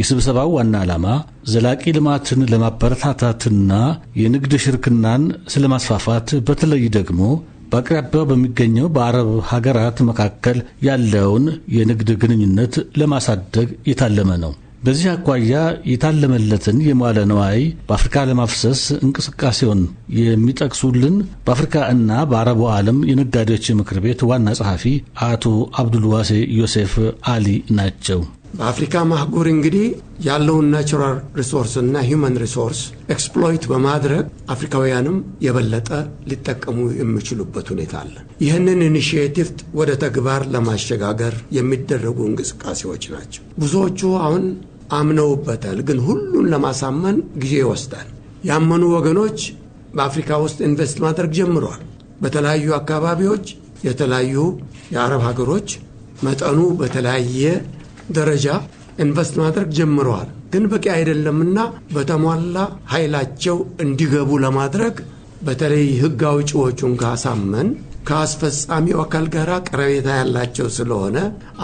የስብሰባው ዋና ዓላማ ዘላቂ ልማትን ለማበረታታትና የንግድ ሽርክናን ስለማስፋፋት በተለይ ደግሞ በአቅራቢያው በሚገኘው በአረብ ሀገራት መካከል ያለውን የንግድ ግንኙነት ለማሳደግ የታለመ ነው። በዚህ አኳያ የታለመለትን የመዋለ ነዋይ በአፍሪካ ለማፍሰስ እንቅስቃሴውን የሚጠቅሱልን በአፍሪካ እና በአረቡ ዓለም የነጋዴዎች ምክር ቤት ዋና ጸሐፊ አቶ አብዱልዋሴ ዮሴፍ አሊ ናቸው። በአፍሪካ ማህጉር እንግዲህ ያለውን ናቹራል ሪሶርስ እና ሂውማን ሪሶርስ ኤክስፕሎይት በማድረግ አፍሪካውያንም የበለጠ ሊጠቀሙ የሚችሉበት ሁኔታ አለ። ይህንን ኢኒሽቲቭ ወደ ተግባር ለማሸጋገር የሚደረጉ እንቅስቃሴዎች ናቸው። ብዙዎቹ አሁን አምነውበታል፣ ግን ሁሉን ለማሳመን ጊዜ ይወስዳል። ያመኑ ወገኖች በአፍሪካ ውስጥ ኢንቨስት ማድረግ ጀምረዋል። በተለያዩ አካባቢዎች የተለያዩ የአረብ ሀገሮች መጠኑ በተለያየ ደረጃ ኢንቨስት ማድረግ ጀምረዋል። ግን በቂ አይደለምና በተሟላ ኃይላቸው እንዲገቡ ለማድረግ በተለይ ህግ አውጪዎቹን ካሳመን ከአስፈጻሚው አካል ጋር ቀረቤታ ያላቸው ስለሆነ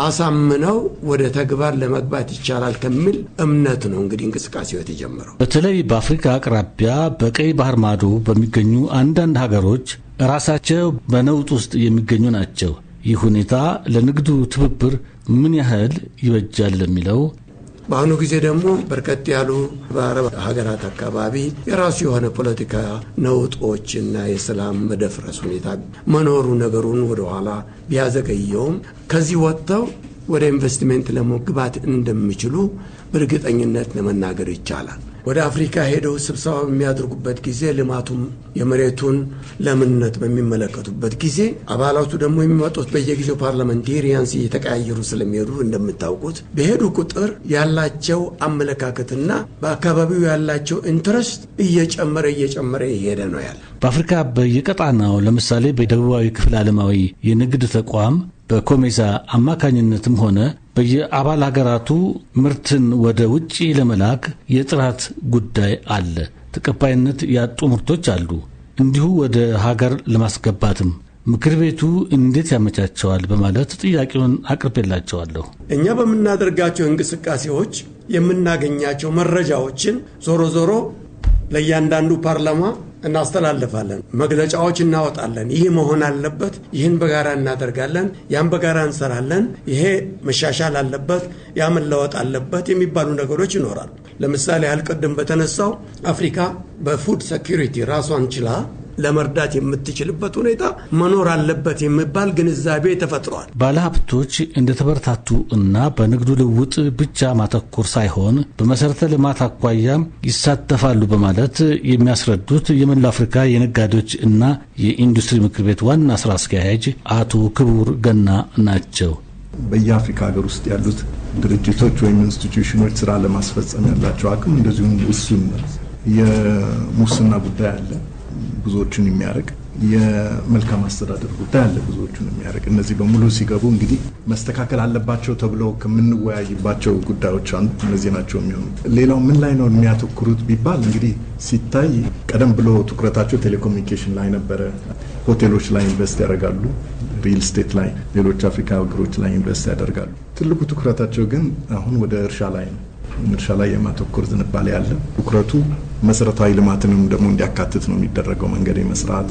አሳምነው ወደ ተግባር ለመግባት ይቻላል ከሚል እምነት ነው እንግዲህ እንቅስቃሴው የተጀመረው። በተለይ በአፍሪካ አቅራቢያ በቀይ ባህር ማዶ በሚገኙ አንዳንድ ሀገሮች ራሳቸው በነውጥ ውስጥ የሚገኙ ናቸው። ይህ ሁኔታ ለንግዱ ትብብር ምን ያህል ይበጃል ለሚለው በአሁኑ ጊዜ ደግሞ በርከት ያሉ በአረብ ሀገራት አካባቢ የራሱ የሆነ ፖለቲካ ነውጦችና የሰላም መደፍረስ ሁኔታ መኖሩ ነገሩን ወደኋላ ቢያዘገየውም ከዚህ ወጥተው ወደ ኢንቨስትሜንት ለመግባት እንደሚችሉ በእርግጠኝነት ለመናገር ይቻላል። ወደ አፍሪካ ሄደው ስብሰባ በሚያደርጉበት ጊዜ ልማቱም የመሬቱን ለምነት በሚመለከቱበት ጊዜ አባላቱ ደግሞ የሚመጡት በየጊዜው ፓርላመንቴሪያንስ እየተቀያየሩ ስለሚሄዱ እንደምታውቁት በሄዱ ቁጥር ያላቸው አመለካከትና በአካባቢው ያላቸው ኢንትረስት እየጨመረ እየጨመረ እየሄደ ነው ያለ። በአፍሪካ በየቀጣናው ለምሳሌ በደቡባዊ ክፍል ዓለማዊ የንግድ ተቋም በኮሜዛ አማካኝነትም ሆነ በየአባል ሀገራቱ ምርትን ወደ ውጭ ለመላክ የጥራት ጉዳይ አለ። ተቀባይነት ያጡ ምርቶች አሉ። እንዲሁ ወደ ሀገር ለማስገባትም ምክር ቤቱ እንዴት ያመቻቸዋል? በማለት ጥያቄውን አቅርቤላቸዋለሁ። እኛ በምናደርጋቸው እንቅስቃሴዎች የምናገኛቸው መረጃዎችን ዞሮ ዞሮ ለእያንዳንዱ ፓርላማ እናስተላልፋለን፣ መግለጫዎች እናወጣለን። ይህ መሆን አለበት፣ ይህን በጋራ እናደርጋለን፣ ያን በጋራ እንሰራለን፣ ይሄ መሻሻል አለበት፣ ያ መለወጥ አለበት የሚባሉ ነገሮች ይኖራል። ለምሳሌ ያህል ቅድም በተነሳው አፍሪካ በፉድ ሴኪሪቲ ራሷን ችላ ለመርዳት የምትችልበት ሁኔታ መኖር አለበት የሚባል ግንዛቤ ተፈጥሯል። ባለሀብቶች እንደተበረታቱ እና በንግዱ ልውጥ ብቻ ማተኮር ሳይሆን በመሰረተ ልማት አኳያም ይሳተፋሉ በማለት የሚያስረዱት የመላ አፍሪካ የነጋዴዎች እና የኢንዱስትሪ ምክር ቤት ዋና ስራ አስኪያጅ አቶ ክቡር ገና ናቸው። በየአፍሪካ ሀገር ውስጥ ያሉት ድርጅቶች ወይም ኢንስቲትዩሽኖች ስራ ለማስፈጸም ያላቸው አቅም እንደዚሁም ውሱን የሙስና ጉዳይ አለ። ብዙዎቹን የሚያደርግ የመልካም አስተዳደር ጉዳይ አለ፣ ብዙዎቹን የሚያደርግ እነዚህ በሙሉ ሲገቡ እንግዲህ መስተካከል አለባቸው ተብለው ከምንወያይባቸው ጉዳዮች አንዱ እነዚህ ናቸው የሚሆኑ። ሌላው ምን ላይ ነው የሚያተኩሩት ቢባል እንግዲህ ሲታይ ቀደም ብሎ ትኩረታቸው ቴሌኮሙኒኬሽን ላይ ነበረ። ሆቴሎች ላይ ኢንቨስት ያደርጋሉ፣ ሪል ስቴት ላይ፣ ሌሎች አፍሪካ ሀገሮች ላይ ኢንቨስት ያደርጋሉ። ትልቁ ትኩረታቸው ግን አሁን ወደ እርሻ ላይ ነው። እርሻ ላይ የማተኮር ዝንባሌ አለ። ትኩረቱ መሰረታዊ ልማትንም ደግሞ እንዲያካትት ነው የሚደረገው። መንገድ የመስራት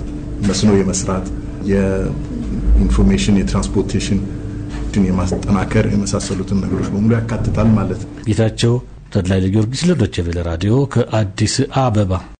መስኖ የመስራት የኢንፎርሜሽን የትራንስፖርቴሽን የማስጠናከር የመሳሰሉትን ነገሮች በሙሉ ያካትታል ማለት ነው። ጌታቸው ተድላይ ለጊዮርጊስ ለዶቼ ቬለ ራዲዮ ከአዲስ አበባ